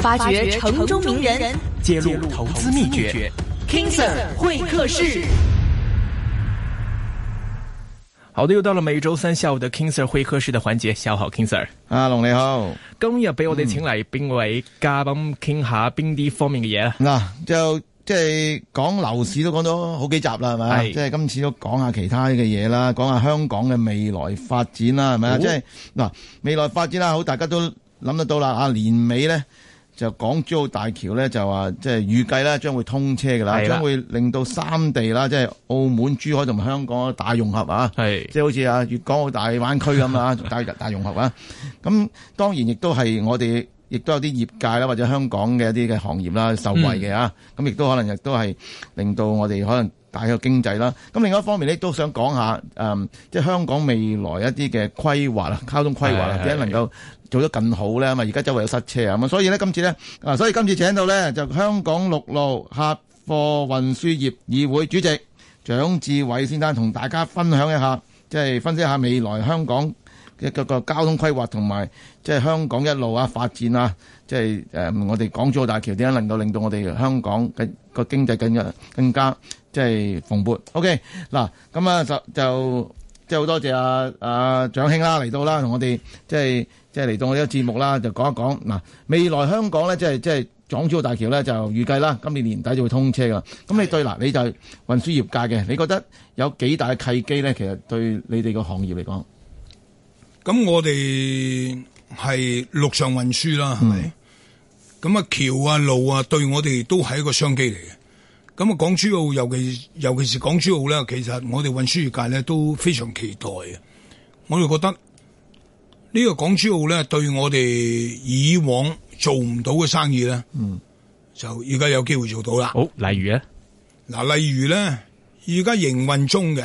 發掘城中名人，揭露投資秘訣。秘訣 King Sir 會客室，好的，又到了每周三下午的 King Sir 會客室的環節。下午好，King Sir。阿、啊、龍你好，今日俾我哋請嚟，邊位嘉賓傾下邊啲方面嘅嘢啦？嗱，就即係、就是、講樓市都講咗好幾集啦，係咪？即係是今次都講下其他嘅嘢啦，講下香港嘅未來發展啦，係咪、哦就是、啊？即係嗱，未來發展啦，好，大家都諗得到啦。啊，年尾咧。就港珠澳大橋咧，就話即係預計咧將會通車嘅啦，的將會令到三地啦，即係澳門、珠海同埋香港大融合啊！即係的好似啊，粵港澳大灣區咁啊， 大融合啊！咁當然亦都係我哋亦都有啲業界啦，或者香港嘅一啲嘅行業啦、啊、受惠嘅啊！咁亦、嗯、都可能亦都係令到我哋可能大個經濟啦、啊。咁另外一方面咧，都想講下誒，即、嗯、係、就是、香港未來一啲嘅規劃啊，交通規劃啊，點樣的能夠做得更好咧，咁啊！而家周圍有塞車啊，咁所以呢，今次呢，啊，所以今次請到呢，就香港陸路客貨運輸業議會主席蔣志偉先生，同大家分享一下，即係分析一下未來香港嘅個交通規劃同埋，即係香港一路啊發展啊，即係誒我哋港珠澳大橋點樣能夠令到我哋香港嘅個經濟更加更加即係蓬勃。OK，嗱，咁啊就就即係好多謝阿阿蔣兄啦啊嚟到啦，同我哋即係。即係嚟到我呢個節目啦，就講一講嗱，未來香港咧，即係即係港珠澳大橋咧，就預計啦，今年年底就會通車噶。咁你對嗱，你就係運輸業界嘅，你覺得有幾大契機咧？其實對你哋個行業嚟講，咁我哋係陸上運輸啦，係咪？咁、嗯、啊橋啊路啊，對我哋都係一個商機嚟嘅。咁啊港珠澳尤其尤其是港珠澳咧，其實我哋運輸業界咧都非常期待嘅。我哋覺得。呢個港珠澳咧，對我哋以往做唔到嘅生意咧，嗯，就而家有機會做到啦。好、哦，例如咧，嗱、啊，例如咧，而家營運中嘅，誒、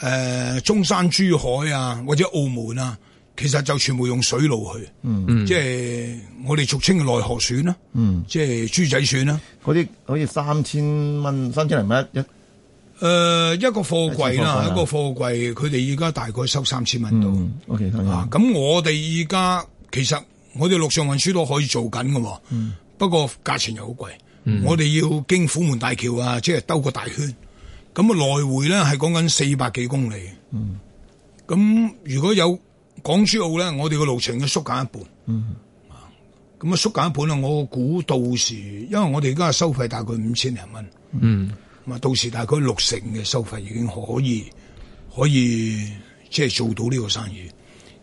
呃，中山、珠海啊，或者澳門啊，其實就全部用水路去，嗯，即係我哋俗稱嘅內河船啦、啊，嗯，即係豬仔船啦、啊，嗰啲好似三千蚊、三千零蚊一。誒、呃，一個貨櫃啦，貨啊、一個貨櫃，佢哋而家大概收三千蚊度。O K，咁，咁、okay, okay. 啊、我哋而家其實我哋陸上運輸都可以做緊㗎，嗯、不過價錢又好貴。嗯、我哋要經虎門大橋啊，即係兜個大圈，咁啊來回咧係講緊四百幾公里。咁、嗯、如果有港珠澳咧，我哋嘅路程要縮減一半。咁、嗯、啊，縮減一半啊，我估到時，因為我哋而家收費大概五千零蚊。嗯。嗯咁啊，到時大概六成嘅收費已經可以可以即係做到呢個生意。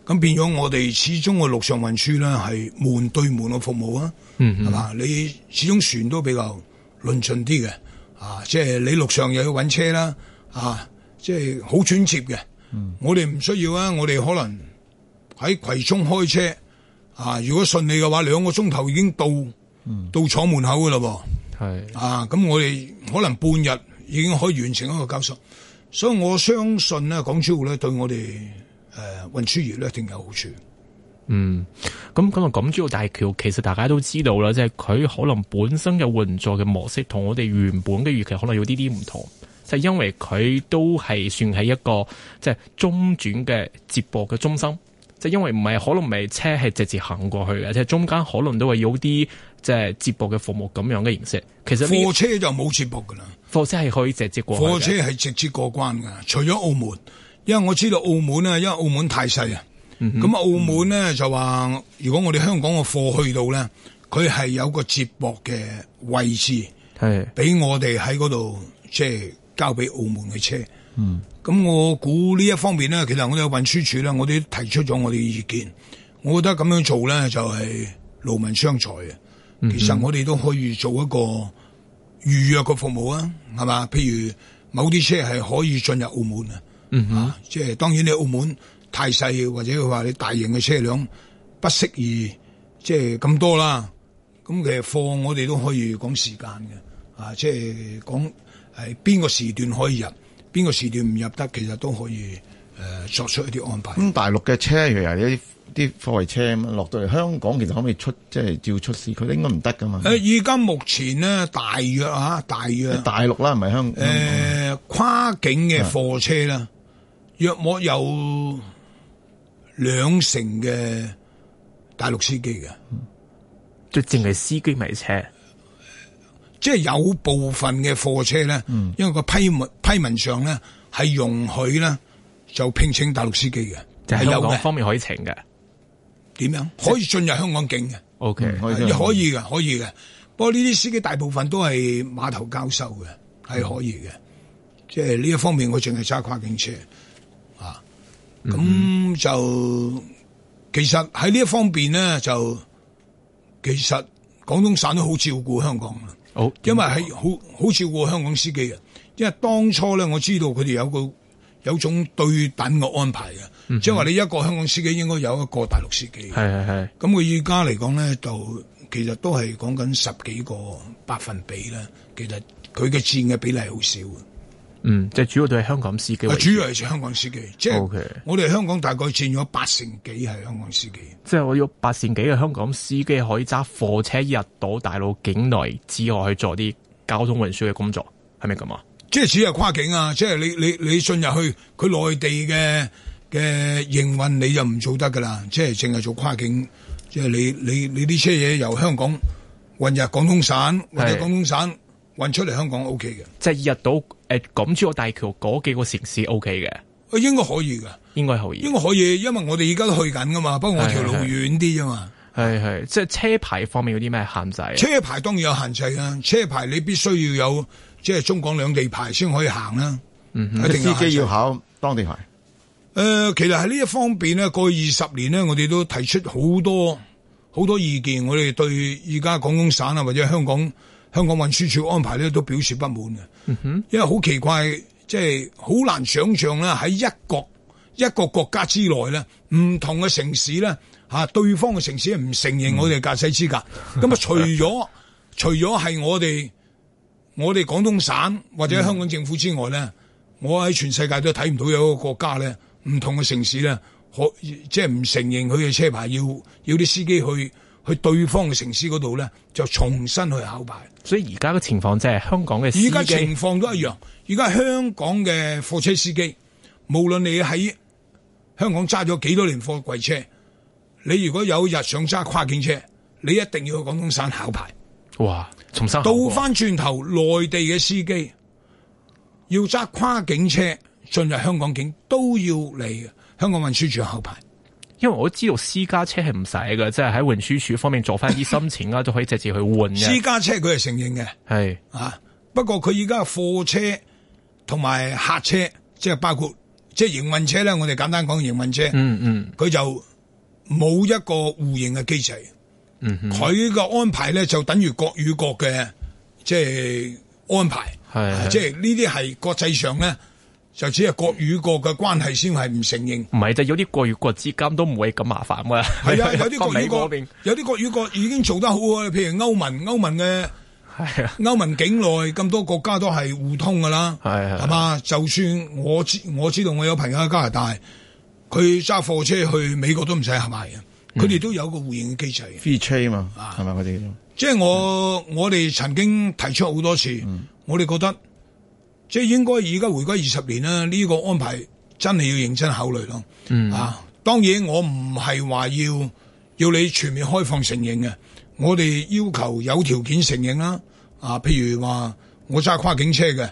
咁變咗我哋始終嘅陸上運輸咧係門對門嘅服務啊，係嘛、嗯嗯？你始終船都比較論盡啲嘅啊，即係你陸上又要揾車啦啊，即係好轉接嘅。嗯、我哋唔需要啊，我哋可能喺葵涌開車啊，如果順利嘅話，兩個鐘頭已經到、嗯、到廠門口嘅嘞噃。係啊，咁是、啊、我哋。可能半日已經可以完成一個交收，所以我相信咧，港珠澳咧對我哋誒運輸業咧一定有好處。嗯，咁咁啊，港珠澳大橋，其實大家都知道啦，即係佢可能本身嘅運作嘅模式同我哋原本嘅預期可能有啲啲唔同，就係、因為佢都係算係一個即係、就係、中轉嘅接駁嘅中心。即係因為唔係，可能唔係車係直接行過去嘅，即係中間可能都會有啲即係接駁嘅服務咁樣嘅形式。其實貨車就冇接駁噶啦，貨車係可以直接過。貨車係直接過關噶，除咗澳門，因為我知道澳門呢，因為澳門太細啊，咁、嗯、哼澳門呢，嗯、就話，如果我哋香港嘅貨去到呢，佢係有個接駁嘅位置，係俾是我哋喺嗰度即係交俾澳門嘅車。嗯。咁我估呢一方面咧，其實我哋運輸署咧，我哋都提出咗我哋嘅意見，我覺得咁樣做咧就係、是、勞民傷財啊！嗯、哼其實我哋都可以做一個預約嘅服務啊，係嘛？譬如某啲車係可以進入澳門、嗯、哼啊，吓，即係當然你澳門太細或者佢話你大型嘅車輛不適宜，即係咁多啦。咁、啊，其實貨我哋都可以講時間嘅，啊，即係講係邊個時段可以入。邊個時段唔入得，其實都可以誒、呃、作出一啲安排。咁大陸嘅車，譬如有啲啲貨櫃車落到嚟香港，其實可唔可以出，即係照出市區咧？應該唔得噶嘛。誒、呃，而家目前呢，大約啊，大約、呃、大陸啦，唔係香誒、呃、跨境嘅貨車啦，約莫的有，有兩成嘅大陸司機嘅，即係淨係司機咪係車。即係有部分嘅貨車咧，嗯、因為個批文批文上咧係容許咧就聘請大陸司機嘅，係有咩方面可以請嘅。點樣即可以進入香港境嘅？O K，可以可以嘅，可以嘅。不過呢啲司機大部分都係碼頭交收嘅，係、嗯、可以嘅。即係呢一方面我，我淨係揸跨境車啊。咁、嗯嗯、就其實喺呢一方面咧，就其實廣東省都好照顧香港。好，oh, 因為係好，好照顧香港司機啊，因為當初咧我知道佢哋有個有種對等嘅安排嘅，即係話你一個香港司機應該有一個大陸司機，係係係，咁佢而家嚟講咧就其實都係講緊十幾個百分比啦，其實佢嘅佔嘅比例好少。嗯，即係主要都係香港司機，主要係香港司機，即係我哋香港大概佔咗八成幾係香港司機。即係我要八成幾嘅香港司機可以揸貨車入到大陸境內，之後去做啲交通運輸嘅工作，係咪咁啊？即係主要係跨境啊！即係你你你進入去佢內地嘅嘅營運，你就唔做得噶啦。即係淨係做跨境，即係你你你啲車嘢由香港運入廣東省或者廣東省。運出嚟香港 O K 嘅，即係入到誒港珠澳大橋嗰幾個城市 O K 嘅，應該可以噶，應該可以，應該可以，因為我哋而家都去緊噶嘛，不過我條路遠啲啫嘛。係係，即係、就是、車牌方面有啲咩限制、啊？車牌當然有限制啊，車牌你必須要有即係中港兩地牌先可以行啦、啊。嗯,嗯，司機要考當地牌。誒、呃，其實喺呢一方面呢，過去二十年呢，我哋都提出好多好多意見，我哋對而家廣東省啊或者香港。香港運輸處安排咧，都表示不滿嘅。因為好奇怪，即係好難想象啦，喺一國一個國家之內咧，唔同嘅城市咧嚇對方嘅城市唔承認我哋駕駛資格，咁啊、嗯、除咗 除咗係我哋我哋廣東省或者香港政府之外咧，嗯、我喺全世界都睇唔到有一個國家咧，唔同嘅城市咧可即係唔承認佢嘅車牌，要要啲司機去。去對方嘅城市嗰度咧，就重新去考牌。所以而家嘅情況即係香港嘅司機。而家情況都一樣。而家香港嘅貨車司機，無論你喺香港揸咗幾多年貨櫃車，你如果有日想揸跨境車，你一定要去廣東省考牌。哇！重新倒返轉頭，內地嘅司機要揸跨境車進入香港境，都要嚟香港運輸署考牌。因為我知道私家車係唔使嘅，即係喺運輸署方面做翻啲心情啦，都 可以直接去換。私家車佢係承認嘅，係是啊。不過佢而家貨車同埋客車，即、就、係、是、包括即係營運車咧，我哋簡單講營運車，嗯嗯，佢、嗯、就冇一個互認嘅機制。佢個、嗯嗯、安排咧就等於國與國嘅即係安排，係即係呢啲係國際上咧。就只係國與國嘅關係先係唔承認，唔係就有啲國與國之間都唔會咁麻煩嘅。係 啊，有啲國與國，國有啲國與國已經做得好啊。譬如歐盟，歐盟嘅歐盟境內咁多國家都係互通噶啦，係係。係嘛，就算我知我知道我有朋友喺加拿大，佢揸貨車去美國都唔使行埋嘅，佢哋都有個互認嘅機制。free trade 嘛、嗯，係嘛的，佢即係我我哋曾經提出好多次，嗯、我哋覺得。即係應該而家回歸二十年啦，呢、這個安排真係要認真考慮咯。嗯、啊，當然我唔係話要要你全面開放承認嘅，我哋要求有條件承認啦。啊，譬如話我揸跨境車嘅，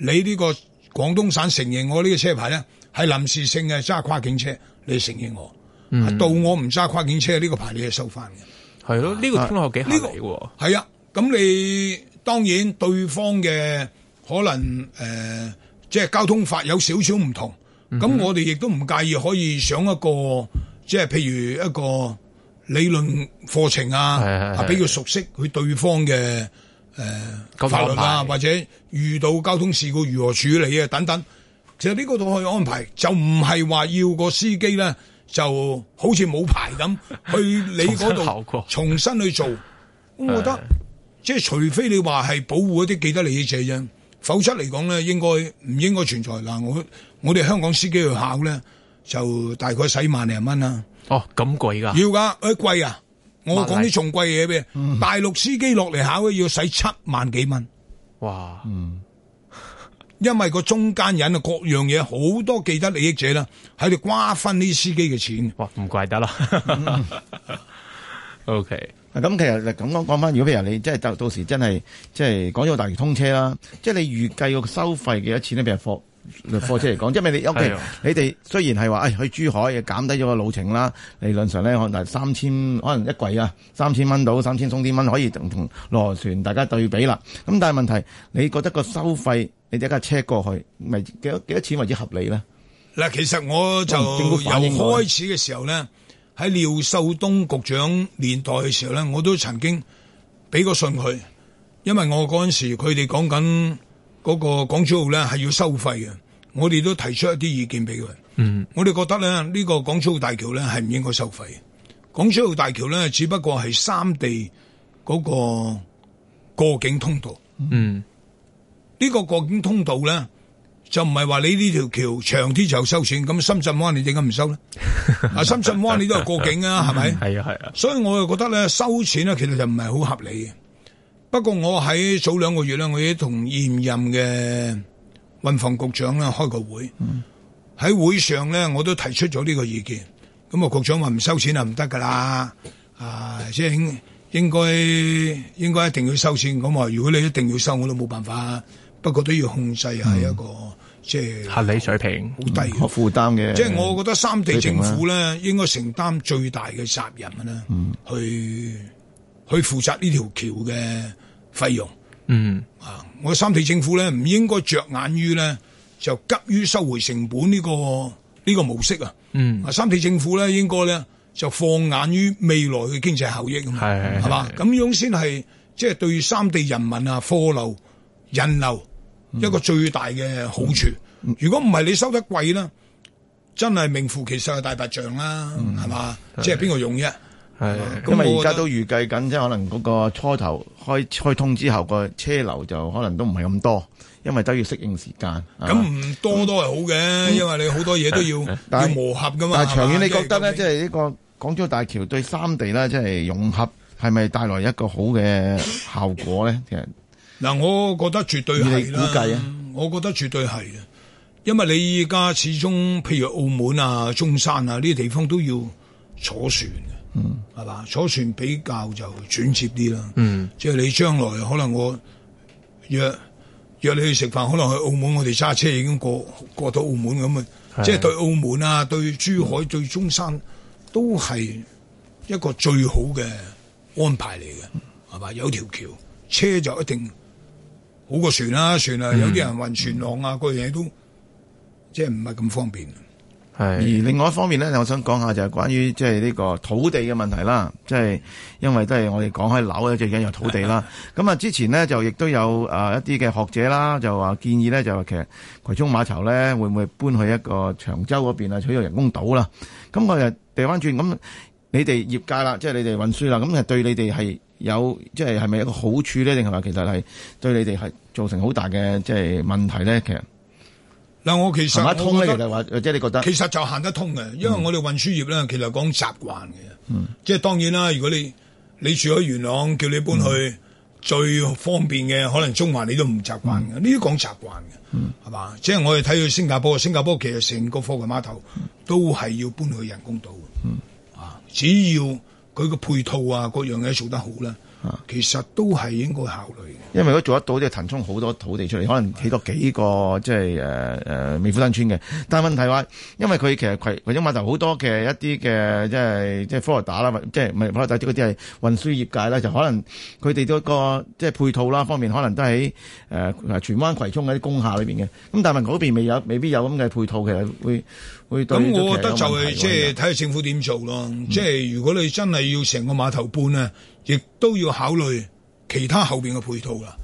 你呢個廣東省承認我呢個車牌咧係臨時性嘅揸跨境車，你承認我、嗯啊，到我唔揸跨境車呢、這個牌你係收翻嘅。係咯，呢、這個聽落幾合理嘅喎。係、這個這個、啊，咁你當然對方嘅。可能誒、呃、即係交通法有少少唔同，咁、嗯、我哋亦都唔介意，可以上一個，即係譬如一個理論課程啊，係啊，比較熟悉佢對方嘅誒、呃、法律啊，或者遇到交通事故如何處理啊，等等。其實呢個都可以安排，就唔係話要個司機咧，就好似冇牌咁去你度重新去做。嗯嗯、我覺得即係除非你話係保護一啲記得你嘅者啫。否則嚟講咧，應該唔應該存在嗱？我我哋香港司機去考咧，就大概使萬零蚊啦。哦，咁貴噶？要噶，誒、欸、貴啊！我講啲仲貴嘢俾？麥麥大陸司機落嚟考咧，要使七萬幾蚊。哇！嗯，因為個中間人啊，各樣嘢好多既得利益者啦，喺度瓜分呢司機嘅錢。哇！唔怪得啦。OK。咁、嗯、其實咁講講翻，如果譬如你即係到到時，真係即係廣州大橋通車啦，即係你預計個收費幾多錢呢？譬如貨貨車嚟講，因為你尤其你哋雖然係話誒去珠海減低咗個路程啦，理論上咧可能三千，可能一季啊三千蚊到三千鬆啲蚊可以同同羅船大家對比啦。咁但係問題，你覺得個收費你一架車過去咪幾多幾多錢為之合理咧？嗱，其實我就由開始嘅時候咧。喺廖秀東局長年代嘅時候咧，我都曾經俾過信佢，因為我嗰陣時佢哋講緊嗰個港珠澳咧係要收費嘅，我哋都提出一啲意見俾佢。嗯，我哋覺得咧呢個港珠澳大橋咧係唔應該收費，港珠澳大橋咧只不過係三地嗰個過境通道。嗯，呢個過境通道咧。就唔係話你呢條橋長啲就收錢，咁深圳灣你點解唔收咧？ 啊，深圳灣你都係過境啊，係咪？ 係啊，係啊。所以我又覺得咧，收錢咧其實就唔係好合理。不過我喺早兩個月咧，我已經同現任嘅運房局長咧開個會，喺、嗯、會上咧我都提出咗呢個意見。咁、嗯、啊，局長話唔收錢啊唔得噶啦，啊，即係應該應該一定要收錢。咁啊，如果你一定要收，我都冇辦法。不過都要控制係一,一個。嗯即係合理水平，好低，我負擔嘅。即係我覺得三地政府咧應該承擔最大嘅責任啦，去去負責呢條橋嘅費用。嗯啊，我三地政府咧唔應該着眼於咧就急於收回成本呢個呢個模式啊。嗯啊，三地政府咧應該咧就放眼於未來嘅經濟效益啊嘛。係係係嘛，咁樣先係即係對三地人民啊，貨流人流。一個最大嘅好處，如果唔係你收得貴啦，真係名副其實係大白象啦，係嘛？即係邊個用啫？係，因為而家都預計緊，即係可能嗰個初頭開開通之後，個車流就可能都唔係咁多，因為都要適應時間。咁唔多多係好嘅，因為你好多嘢都要要磨合噶嘛。但係長遠你覺得呢？即係呢個廣州大橋對三地呢，即係融合係咪帶來一個好嘅效果呢？嗱，我覺得絕對係啦。估計啊、我覺得絕對係啊，因為你依家始終，譬如澳門啊、中山啊呢啲地方都要坐船嘅，係嘛、嗯？坐船比較就轉接啲啦。嗯，即係你將來可能我約約你去食飯，可能去澳門，我哋揸車已經過過到澳門咁啊。即係的對澳門啊、對珠海、嗯、對中山都係一個最好嘅安排嚟嘅，係嘛？有條橋，車就一定。好過船啦，啊，船啊，有啲人運船浪啊，個嘢，嗯、都即係唔係咁方便。係而另外一方面呢，我想講下就係關於即係呢個土地嘅問題啦。即係因為都係我哋講開樓咧，就引入土地啦。咁啊，之前呢，就亦都有誒、啊、一啲嘅學者啦，就話建議呢，就話其實葵涌碼頭呢，會唔會搬去一個長洲嗰邊啊，取用人工島啦。咁我又掉翻轉，咁你哋業界啦，即、就、係、是、你哋運輸啦，咁係對你哋係。有即係係咪一個好處咧，定係話其實係對你哋係造成好大嘅即係問題咧？其實嗱，我其實行得通咧，其實話即係你覺得，其實就行得通嘅，因為我哋運輸業咧，其實講習慣嘅，嗯、即係當然啦。如果你你住喺元朗，叫你搬去、嗯、最方便嘅，可能中環你都唔習慣嘅，呢啲講習慣嘅，係嘛、嗯？即係我哋睇到新加坡，新加坡其實成個貨櫃碼頭都係要搬去人工島啊，嗯、只要。佢個配套啊，各樣嘢做得好啦。啊，其實都係應該考慮嘅。因為如果做得到，即、就、係、是、騰衝好多土地出嚟，可能起多幾個即係誒誒美孚新村嘅。但係問題話，因為佢其實葵涌碼頭好多嘅一啲嘅即係即係貨櫃打啦，即係唔係貨櫃打啲嗰啲係運輸業界啦，就可能佢哋都個即係配套啦方面，可能都喺誒誒荃灣葵涌嗰啲工廈裏邊嘅。咁但係嗰邊未有，未必有咁嘅配套，其實會會對、咁、嗯、我覺得就係即係睇下政府點做咯。即係如果你真係要成個碼頭搬咧，亦都要考慮其他後邊嘅配套啦，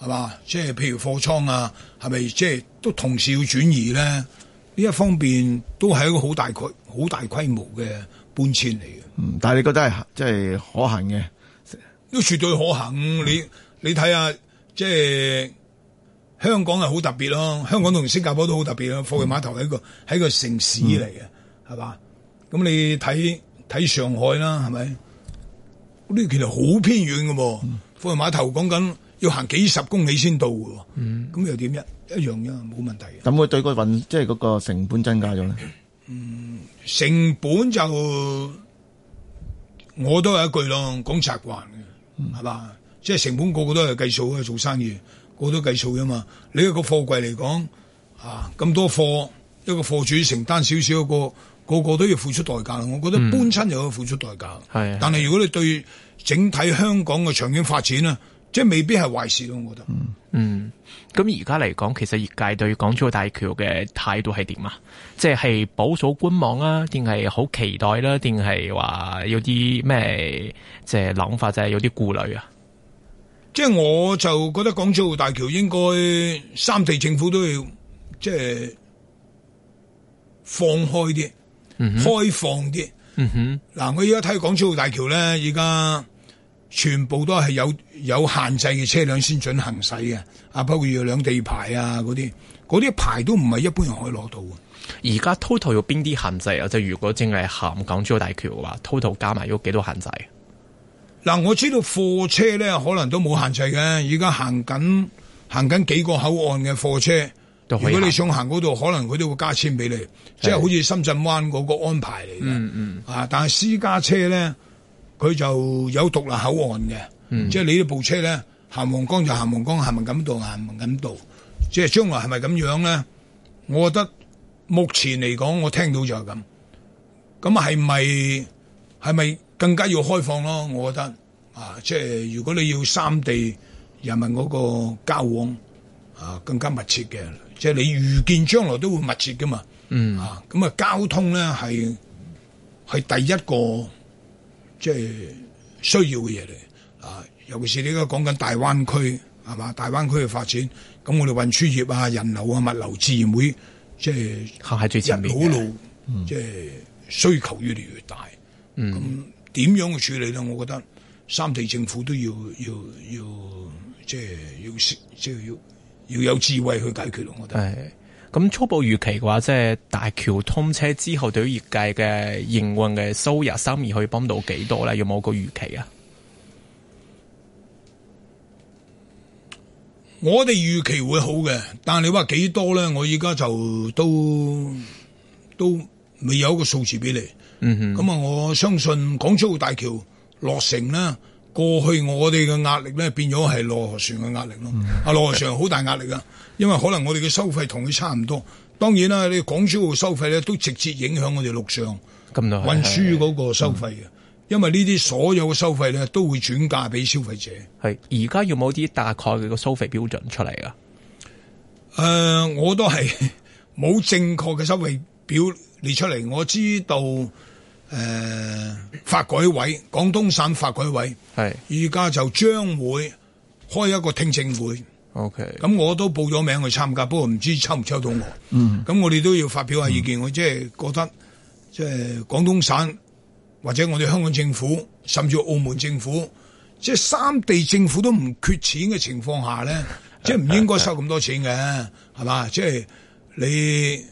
係嘛、嗯？即係譬如貨倉啊，係咪即係都同時要轉移咧？呢一方面都係一個好大規好大規模嘅搬遷嚟嘅。嗯，但係你覺得係即係可行嘅？都絕對可行。嗯、你你睇下，即係香港係好特別咯。香港同新加坡都好特別咯。貨櫃碼頭係一個係一個城市嚟嘅，係嘛、嗯？咁你睇睇上海啦，係咪？呢啲其實好偏遠嘅，貨運碼頭講緊要行幾十公里先到嘅，咁、嗯、又點一一樣啫，冇問題。咁佢對個份即係嗰個成本增加咗咧？嗯，成本就我都係一句咯，講習慣嘅，係嘛、嗯？即係成本個個都係計數嘅，做生意個個都計數嘅嘛。你一個貨櫃嚟講，啊咁多貨，一個貨主承擔少少一個。個個都要付出代價，我覺得搬親又要付出代價，嗯、但係如果你對整體香港嘅長遠發展啊，即係的未必係壞事咯。我覺得，嗯，咁而家嚟講，其實業界對港珠澳大橋嘅態度係點、就是、啊？即係保守觀望啊，定係好期待啦？定係話有啲咩即係諗法，即係有啲顧慮啊？即係我就覺得港珠澳大橋應該三地政府都要即係、就是、放開啲。嗯、哼開放啲，嗱、嗯、哼我而家睇港珠澳大橋咧，而家全部都係有有限制嘅車輛先准行駛嘅，啊，包括有兩地牌啊嗰啲，嗰啲牌都唔係一般人可以攞到嘅。而家 total 有邊啲限制啊？即係如果淨係行港珠澳大橋嘅話，total 加埋有幾多限制？嗱，我知道貨車咧可能都冇限制嘅，而家行緊行緊幾個口岸嘅貨車。如果你想行嗰度，可能佢都會加簽俾你，是即係好似深圳灣嗰個安排嚟嘅、嗯。嗯啊，但係私家車咧，佢就有獨立口岸嘅。嗯、即係你呢部車咧，行皇崗就行皇崗，行文錦渡行文錦渡。即係將來係咪咁樣咧？我覺得目前嚟講，我聽到就係咁。咁係咪係咪更加要開放咯？我覺得啊，即係如果你要三地人民嗰個交往啊，更加密切嘅。即係你預見將來都會密切噶嘛？嗯，um. 啊，咁啊，交通咧係係第一個即係需要嘅嘢嚟，啊、uh，尤其是你而家講緊大灣區係嘛？大灣區嘅發展，咁我哋運輸業啊、人流啊、物流自然會即係行喺最前面路，即係需求越嚟越大。嗯，咁點、嗯、樣去處理咧？我覺得三地政府都要要要即係要即係要。要要要要要要要有智慧去解決咯，我覺得。咁，哎，初步預期嘅話，即係大橋通車之後，對於業界嘅營運嘅收入，三二可以幫到幾多咧？有冇個預期啊？我哋預期會好嘅，但係你話幾多咧？我依家就都都未有一個數字俾你。嗯哼，咁啊，我相信港珠澳大橋落成啦。過去我哋嘅壓力咧，變咗係羅河船嘅壓力咯。阿、嗯、羅河船好大壓力㗎，因為可能我哋嘅收費同佢差唔多。當然啦，你港珠澳收費咧，都直接影響我哋陸上運輸嗰個收費嘅。嗯嗯、因為呢啲所有嘅收費咧，都會轉嫁俾消費者。係而家要冇啲大概嘅個收費標準出嚟㗎？誒、呃，我都係冇正確嘅收費表列出嚟。我知道。誒發、呃、改委廣東省發改委係，而家是就將會開一個聽證會。O K，咁我都報咗名去參加，不過唔知抽唔抽到我。嗯，咁我哋都要發表下意見。我即係覺得，即、就、係、是、廣東省或者我哋香港政府，甚至澳門政府，即、就、係、是、三地政府都唔缺錢嘅情況下咧，即係唔應該收咁多錢嘅，係嘛、嗯？即係、就是、你。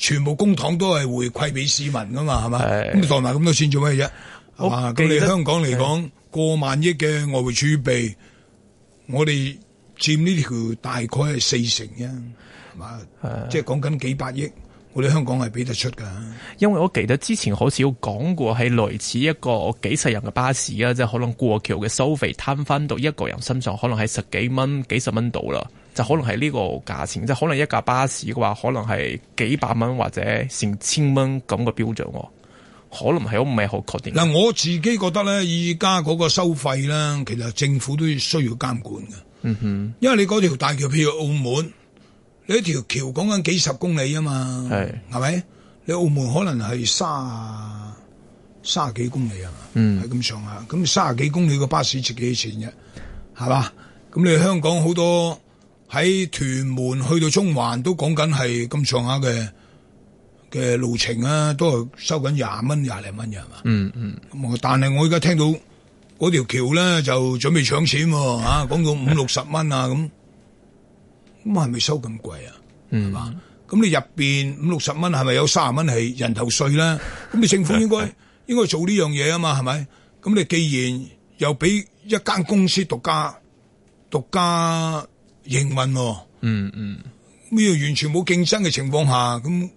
全部公帑都係回饋俾市民噶嘛，係嘛？咁你當埋咁多錢做咩啫？係嘛？咁你香港嚟講，的過萬億嘅外匯儲備，我哋佔呢條大概係四成啫，係嘛？的即係講緊幾百億，我哋香港係俾得出噶。因為我記得之前好似有講過係類似一個幾十人嘅巴士啊，即係可能過橋嘅收費攤返到一個人身上，可能係十幾蚊、幾十蚊到啦。就可能係呢個價錢，就可能一架巴士嘅話，可能係幾百蚊或者成千蚊咁嘅標準，可能係好唔係好確定。嗱，我自己覺得咧，而家嗰個收費咧，其實政府都需要監管嘅。嗯哼，因為你嗰條大橋，譬如澳門，你一條橋講緊幾十公里啊嘛，係係咪？你澳門可能係卅卅幾公里啊嘛，嗯，係咁上下。咁卅幾公里個巴士值幾錢嘅？係嘛？咁你香港好多。喺屯門去到中環都講緊係咁上下嘅嘅路程啊，都係收緊廿蚊廿零蚊嘅係嘛？嗯嗯。咁但係我而家聽到嗰條橋咧就準備搶錢喎吓，講到五六十蚊啊咁，咁係咪收咁貴啊？係嘛？咁你入邊五六十蚊係咪有卅蚊係人頭稅咧？咁你政府應該、嗯嗯、應該做呢樣嘢啊嘛？係咪？咁你既然又俾一間公司獨家獨家。英文咯、哦嗯，嗯嗯，呢完全冇競爭嘅情況下，咁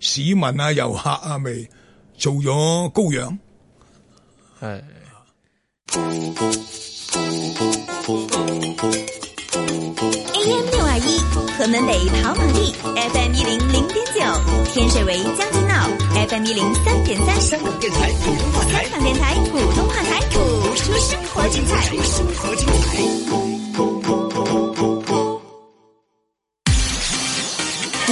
市民啊、遊客啊咪做咗羔羊，係、哎。AM 621,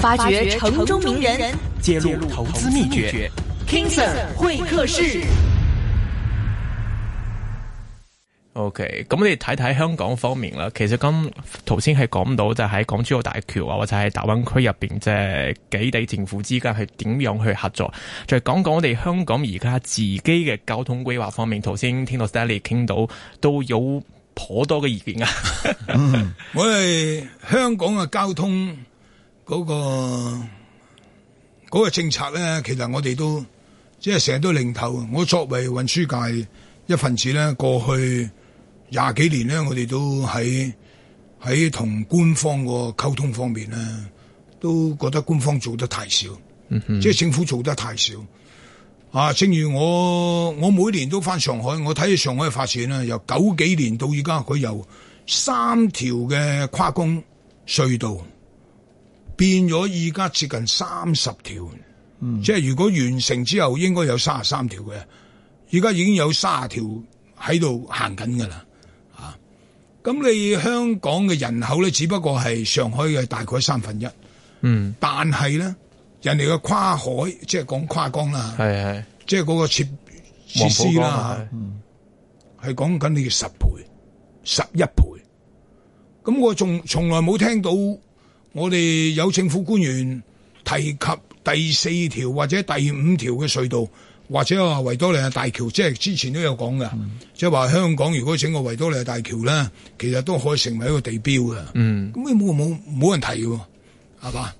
發掘城中名人，揭露投資秘訣。King Sir 金 Sir，會客室。OK，咁我哋睇睇香港方面啦。其實今頭先係講到就喺港珠澳大橋啊，或者喺大灣區入邊即係幾地政府之間係點樣去合作。就係講講我哋香港而家自己嘅交通規劃方面。頭先聽到 Stanley 傾到都有頗多嘅意見啊、嗯。 我哋香港嘅交通。嗰個嗰個政策咧，其實我哋都即係成日都擰頭。我作為運輸界一份子咧，過去廿幾年咧，我哋都喺喺同官方個溝通方面咧，都覺得官方做得太少，嗯、哼即係政府做得太少。啊，正如我我每年都翻上海，我睇住上海嘅發展咧，由九幾年到而家，佢由三條嘅跨江隧道。變咗，而家接近三十條，嗯、即係如果完成之後應該，應該有三十三條嘅。而家已經有卅條喺度行緊噶啦，啊！咁你香港嘅人口咧，只不過係上海嘅大概三分一，嗯。但係咧，人哋嘅跨海，即係講跨江啦，係係，即係嗰個設設施啦，嗯，係講緊你嘅十倍、十一倍。咁我仲從來冇聽到。我哋有政府官員提及第四條或者第五條嘅隧道，或者話維多利亞大橋，即係之前都有講嘅，嗯、即係話香港如果整個維多利亞大橋咧，其實都可以成為一個地標嘅。嗯，咁你冇冇冇人提喎，係嘛？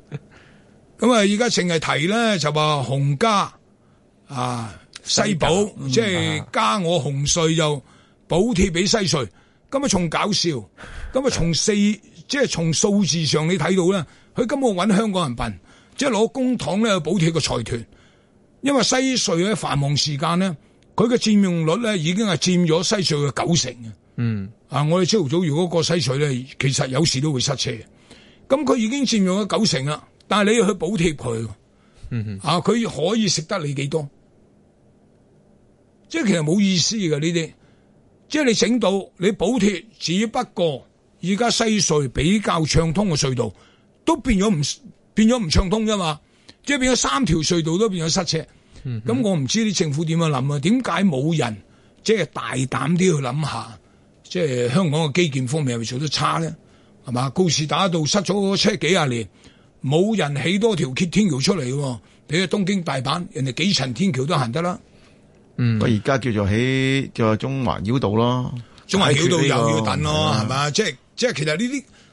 咁啊，而家淨係提咧就話紅加啊西補，即係加我紅隧又補貼俾西隧，咁啊從搞笑，咁啊從四。嗯即係從數字上你睇到咧，佢根本搵香港人笨，即係攞公帑咧去補貼個財團，因為西隧喺繁忙時間咧，佢嘅佔用率咧已經係佔咗西隧嘅九成嘅。嗯，啊，我哋朝頭早如果過西隧咧，其實有時都會塞車。咁佢已經佔用咗九成啦，但係你要去補貼佢，嗯、哼啊，佢可以食得你幾多？即係其實冇意思嘅呢啲，即係你整到你補貼，只不過。而家西隧比較暢通嘅隧道，都變咗唔變咗唔暢通啫嘛，即係變咗三條隧道都變咗塞車。咁、嗯哼嗯、我唔知啲政府點樣諗啊？點解冇人即係大膽啲去諗下？即係香港嘅基建方面係咪做得差咧？係嘛？告士打道塞咗車幾廿年，冇人起多條鐵天橋出嚟喎、啊。你去東京大阪，人哋幾層天橋都行得啦。嗯，我而家叫做起就中環繞道咯，這個、中環繞道又要等咯，係嘛吧？即係。就是即係其實呢啲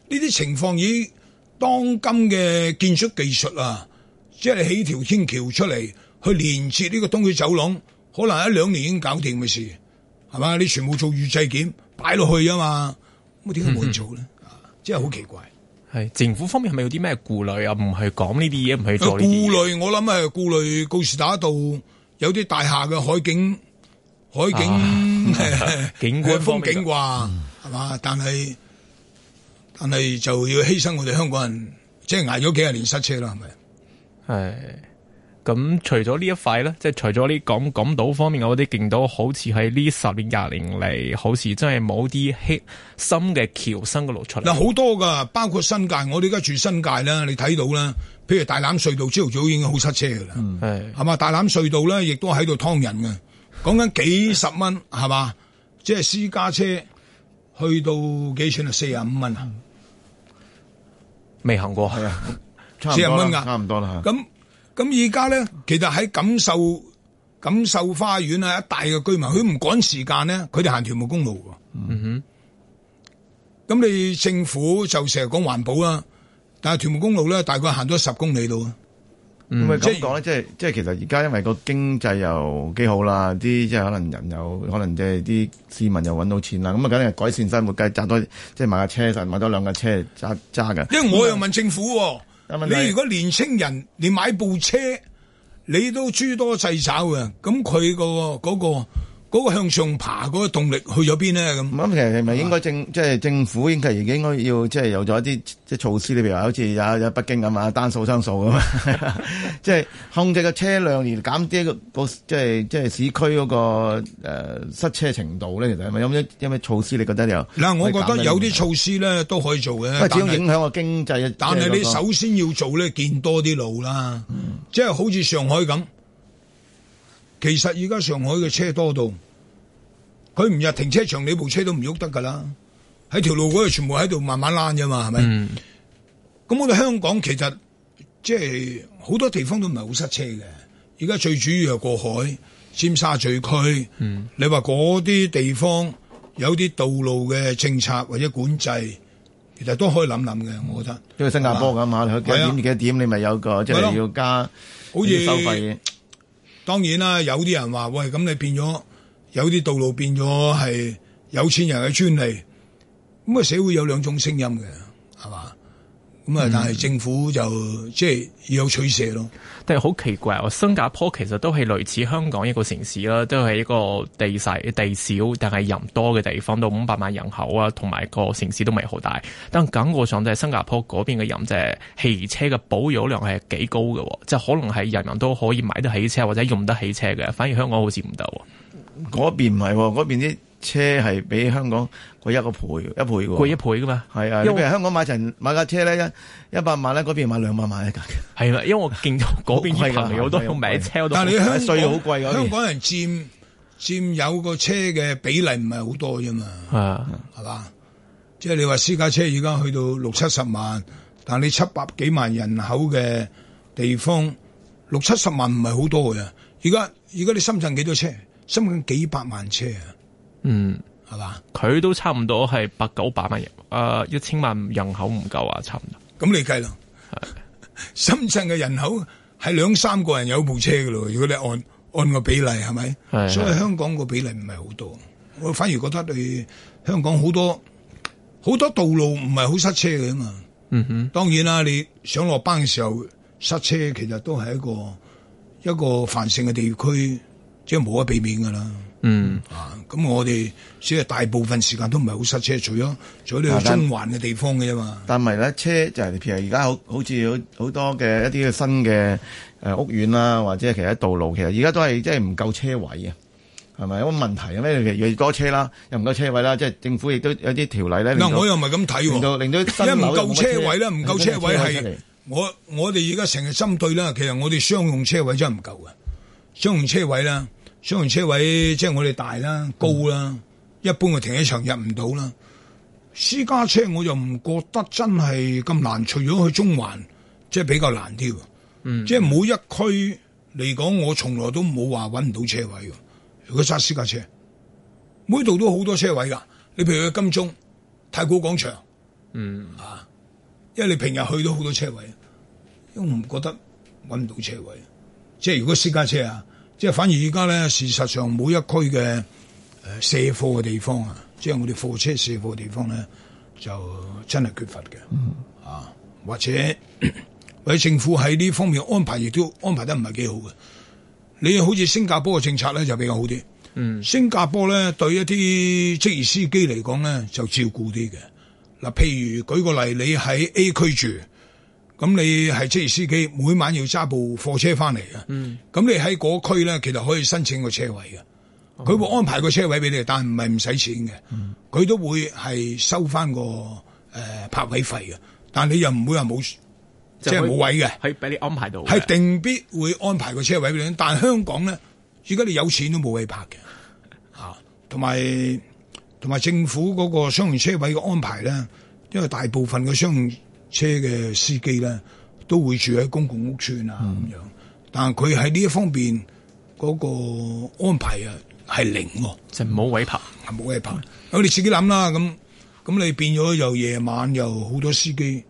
呢啲情況，以當今嘅建築技術啊，即係起條天橋出嚟去連接呢個東區走廊，可能一兩年已經搞掂嘅事，係嘛？你全部做預製件擺落去啊嘛，咁點解冇做咧？啊、嗯，即係好奇怪。係政府方面係咪有啲咩顧慮啊？唔係講呢啲嘢，唔係做呢啲。顧慮我諗係顧慮告士打道有啲大廈嘅海景海景、景觀風景啩，係嘛、嗯？但係。但係就要犧牲我哋香港人，即係挨咗幾廿年塞車啦，係咪？係。咁除咗呢一塊咧，即係除咗呢、這個、港港島方面，我哋見到好似喺呢十年廿年嚟，嗯、好似真係冇啲深嘅橋新嘅路出嚟。嗱，好多噶，包括新界，我哋而家住新界啦，你睇到啦，譬如大欖隧道朝頭早已經好塞車噶啦，係、嗯，係嘛？大欖隧道咧，亦都喺度劏人嘅，講緊幾十蚊，係嘛？即係私家車去到幾錢啊？四十五蚊啊！嗯未行過係啊， 四十蚊噶，差唔多啦。咁咁而家咧，其實喺錦繡錦繡花園啊，一帶嘅居民，佢唔趕時間咧，佢哋行屯門公路。嗯哼，咁你政府就成日講環保啦，但係屯門公路咧，大概行咗十公里度。啊。咁咪咁講咧，即係是即係其實而家因為個經濟又幾好啦，啲即係可能人有可能即係啲市民又揾到錢啦，咁啊梗係改善生活，梗係揸多即係買架車實，買多兩架車揸揸嘅。因為我又問政府，嗯、問你如果年輕人你買部車，你都諸多掣肘嘅，咁佢個嗰個。嗰個嗰個嗰個向上爬嗰個動力去咗邊呢？咁，咁其實係咪應該政即係政府應該而應該要即係有咗一啲即係措施，你譬如話，好似有有北京咁啊，單數雙數咁即係控制車輛、就是就是那個車輛而減啲個即係即係市區嗰個誒塞車程度咧，其實係咪有冇有咩措施？你覺得你有？嗱，我覺得有啲措施咧都可以做嘅。不過只要影響個經濟。但係是你首先要做咧，建多啲路啦。即係、嗯、好似上海咁。其實而家上海嘅車多到，佢唔入停車場你部車都唔喐得噶啦。喺條路嗰度全部喺度慢慢躝啫嘛，係咪？咁我哋香港其實即係好多地方都唔係好塞車嘅。而家最主要係過海、尖沙咀區。嗯，你話嗰啲地方有啲道路嘅政策或者管制，其實都可以諗諗嘅。我覺得，因為新加坡咁吓，佢幾點幾點，你咪有個即係你要加，好似收費。當然啦，有啲人話：喂，咁你變咗有啲道路變咗係有錢人嘅專利，咁啊社會有兩種聲音嘅，係咪？咁啊，但係政府就即係要有取捨囉。但係好奇怪，新加坡其實都係類似香港一個城市啦，都係一個地細地少，但係人多嘅地方，到五百萬人口啊，同埋個城市都唔係好大。但感覺上就係新加坡嗰邊嘅人，就係汽車嘅保有量係幾高嘅，即係可能係人人都可以買得起車或者用得起車嘅，反而香港好似唔得。嗰邊唔係喎，嗰邊啲。車係比香港貴一個倍一倍嘅，貴一倍噶嘛？係啊，因為香港買層買架車咧，一一百萬咧，嗰邊買兩百萬一架。係啦，因為我見嗰邊越彭有好多買車，買車，但係你香港香港人佔佔有個車嘅比例唔係好多啫嘛。係啊，係嘛？即係你話私家車而家去到六七十萬，但係你七百幾萬人口嘅地方，六七十萬唔係好多嘅。而家而家你深圳幾多車？深圳幾百萬車啊！嗯，係嘛吧？佢都差唔多係八九百萬人，誒、呃，一千萬人口唔夠啊，差唔多。咁你計啦，是深圳嘅人口係兩三個人有部車噶咯。如果你按按個比例，係咪？是是所以香港個比例唔係好多，我反而覺得你香港好多好多道路唔係好塞車嘅嘛。嗯哼，當然啦，你上落班嘅時候塞車，其實都係一個一個繁盛嘅地區，即係冇得避免噶啦。嗯啊，咁我哋只係大部分時間都唔係好塞車，除咗除咗你去中環嘅地方嘅啫嘛。但係咧，車就係、是、譬如而家好好似好好多嘅一啲嘅新嘅誒屋苑啦、啊，或者係其他道路，其實而家都係即係唔夠車位啊，係咪？咁問題咧，其實越嚟越多車啦，又唔夠車位啦，即係政府亦都有啲條例咧。嗱、啊，我又唔係咁睇喎，令到令到新樓唔夠車位啦，唔夠車位係我我哋而家成日針對啦。其實我哋商用車位真係唔夠嘅，商用車位啦。商用車位即係、就是，我哋大啦、高啦，嗯、一般嘅停車場入唔到啦。私家車我就唔覺得真係咁難，除咗去中環即係比較難啲。嗯，即係每一區嚟講，我從來都冇話搵唔到車位。如果揸私家車，每度都好多車位噶。你譬如去金鐘、太古廣場，嗯啊，因為你平日去都好多車位，因為我唔覺得搵唔到車位。即係如果私家車啊。即係反而而家咧，事實上每一區嘅卸貨嘅地方啊，即係我哋貨車卸貨嘅地方咧，就真係缺乏嘅，啊，或者或者 政府喺呢方面安排亦都安排得唔係幾好嘅。你好似新加坡嘅政策咧就比較好啲，嗯，新加坡咧對一啲職業司機嚟講咧就照顧啲嘅。嗱、啊，譬如舉個例，你喺 A 區住。咁你係職業司機，每晚要揸部貨車翻嚟嘅。咁、嗯、你喺嗰區咧，其實可以申請個車位嘅。佢、嗯、會安排個車位俾你，但唔係唔使錢嘅。佢、嗯、都會係收翻個誒泊、呃、位費嘅，但你又唔會話冇，即係冇位嘅，係俾你安排到。係定必會安排個車位俾你，但香港咧，而家你有錢都冇位泊嘅。嚇、啊，同埋同埋政府嗰個商用車位嘅安排咧，因為大部分嘅商用。車嘅司機咧都會住喺公共屋邨啊，咁樣，嗯、但係佢喺呢一方面嗰、嗰個安排啊係零、哦，即係冇位泊，係冇、嗯、位泊。我哋、嗯、自己諗啦，咁咁你變咗又夜晚又好多司機，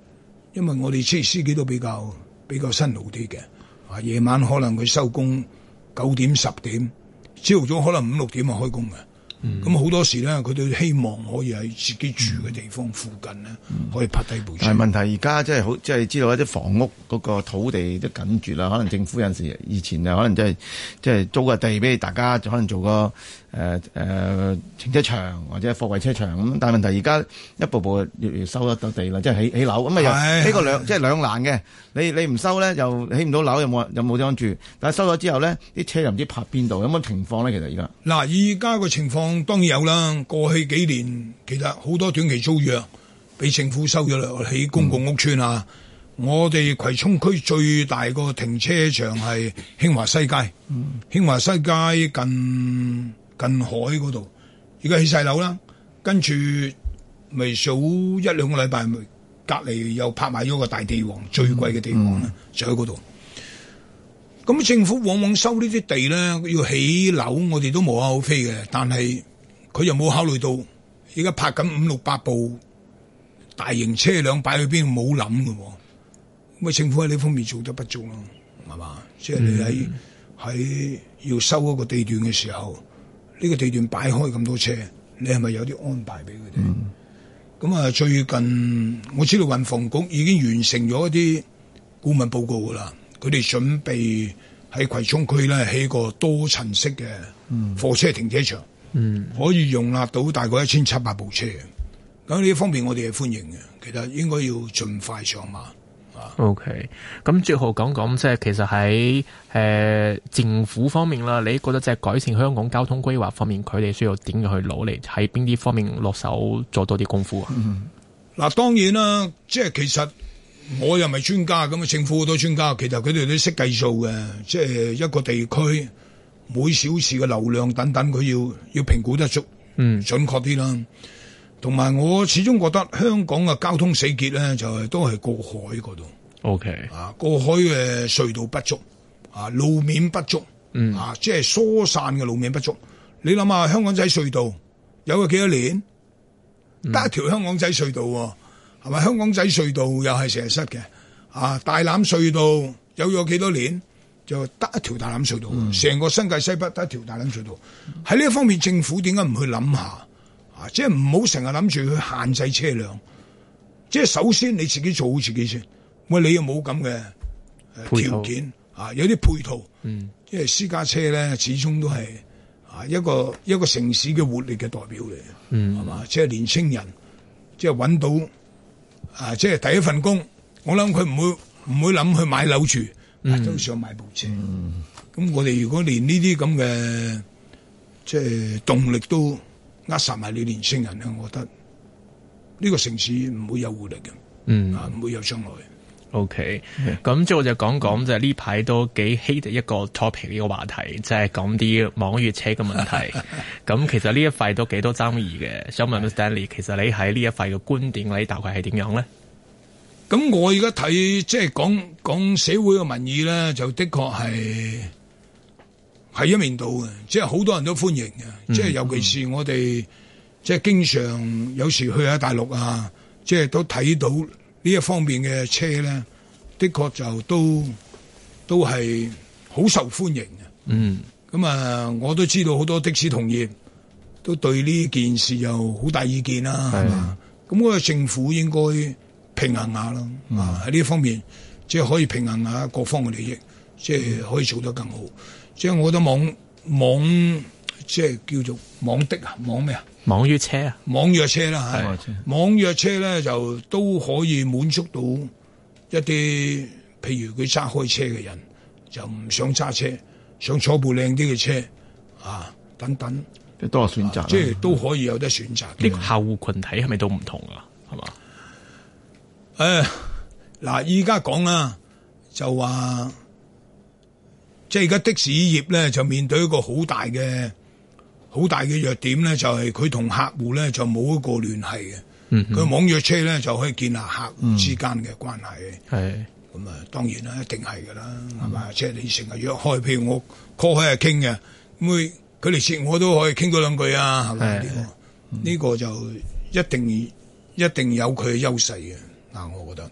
因為我哋車司機都比較比較辛苦啲嘅，啊夜晚可能佢收工九點十點，朝早可能五六點啊開工嘅。咁好、嗯、多時咧，佢哋希望可以喺自己住嘅地方附近咧，嗯、可以拍低部。但係問題而家即係好，即、就、係、是就是、知道一啲房屋嗰個土地都緊住啦。可能政府有時以前啊、就是就是，可能即係即係租個地俾大家，就可能做個。誒誒、呃呃，停車場或者貨櫃車場咁，但係問題而家一步步越越收得到地啦，即係起起樓咁啊，起，的又起個兩的即係兩難嘅。你你唔收咧，又起唔到樓，又冇又冇地方住。但係收咗之後咧，啲車又唔知泊邊度，有乜情況咧？其實而家嗱，而家個情況當然有啦。過去幾年其實好多短期租約俾政府收咗啦，起公共屋邨啊。嗯、我哋葵涌區最大個停車場係興華西街，嗯、興華西街近。近海嗰度，而家起晒樓啦，跟住咪數一兩個禮拜，咪隔籬又拍賣咗個大地王，最貴嘅地王啦，嗯、就喺嗰度。咁政府往往收呢啲地咧，要起樓，我哋都無可厚非嘅。但係佢又冇考慮到，而家拍緊五六百部大型車輛擺去邊？冇諗嘅。咁啊，政府喺呢方面做得不足咯，係嘛、嗯？即係、就是、你喺喺要收一個地段嘅時候。呢個地段擺開咁多車，你係咪有啲安排俾佢哋？咁啊、嗯，最近我知道運房局已經完成咗一啲顧問報告噶啦，佢哋準備喺葵涌區咧起個多層式嘅貨車停車場，嗯，可以容納到大概一千七百部車。咁呢方面我哋係歡迎嘅，其實應該要盡快上馬。O K，咁最後講講，即係其實喺誒、呃、政府方面啦，你覺得即係改善香港交通規劃方面，佢哋需要點樣去努力？喺邊啲方面落手做多啲功夫啊？嗱、嗯，嗯、當然啦，即係其實我又唔係專家，咁啊政府好多專家，其實佢哋都識計數嘅，即係一個地區每小時嘅流量等等，佢要要評估得足，嗯，準確啲啦。同埋，我始終覺得香港嘅交通死結咧，就係、是、都係過海嗰度。O Okay . K，啊，過海嘅隧道不足，啊，路面不足，嗯、啊，即係疏散嘅路面不足。你諗下，香港仔隧道有咗幾多年？得一條香港仔隧道、啊，係咪、嗯？香港仔隧道又係成日塞嘅。啊，大欖隧道有咗幾多年？就得一條大欖隧道、啊，成、嗯、個新界西北得一條大欖隧道、啊。喺呢、嗯、一方面，政府點解唔去諗下？啊！即係唔好成日諗住去限制車輛，即係首先你自己做好自己先。喂、哎，你又冇咁嘅條件啊？有啲配套，嗯，即係私家車咧，始終都係啊一個一個城市嘅活力嘅代表嚟，係嘛、嗯？即係年輕人，即係搵到啊，即係第一份工，我諗佢唔會唔會諗去買樓住，啊、都想買部車。咁、嗯嗯、我哋如果連呢啲咁嘅即係動力都，扼殺埋你年青人咧，我覺得呢個城市唔會有活力嘅，嗯，啊，唔會有將來。O K，咁即係我就講講，就呢排都幾 hit 一個 topic 呢個話題，即係講啲網約車嘅問題。咁 其實呢一塊都幾多爭議嘅。想問下 Stanley，其實你喺呢一塊嘅觀點，你大概係點樣咧？咁 我而家睇即係講講社會嘅民意咧，就的確係。係一面倒嘅，即係好多人都歡迎嘅，即係、嗯、尤其是我哋，嗯、即係經常有時去下大陸啊，即係都睇到呢一方面嘅車咧，的確就都都係好受歡迎嘅、嗯嗯。嗯，咁啊，我都知道好多的士同業都對呢件事有好大意見啦。係啊，咁我哋政府應該平衡下咯。啊、嗯，喺呢、嗯嗯、方面即係可以平衡下各方嘅利益，即係可以做得更好。即係我覺得網網即係叫做網的網網啊，網咩啊？網約車啊，網約車啦，係網約車咧就都可以滿足到一啲，譬如佢揸開車嘅人就唔想揸車，想坐部靚啲嘅車啊等等，即係多選擇，啊、即係都可以有得選擇。啲客戶群體係咪都唔同啊？係嘛？誒、哎，嗱，依家講啊，就話。即係而家的士業咧，就面對一個好大嘅好大嘅弱點咧，就係佢同客戶咧就冇一個聯繫嘅。佢、嗯、哼網約車咧就可以建立客戶之間嘅關係。係咁啊，當然啦，一定係噶啦，係嘛、嗯？即係你成日約開票，譬如我 call 開啊傾嘅，咁佢佢哋接我都可以傾嗰兩句啊，係咪？呢個呢個就一定一定有佢嘅優勢嘅，嗱，我覺得。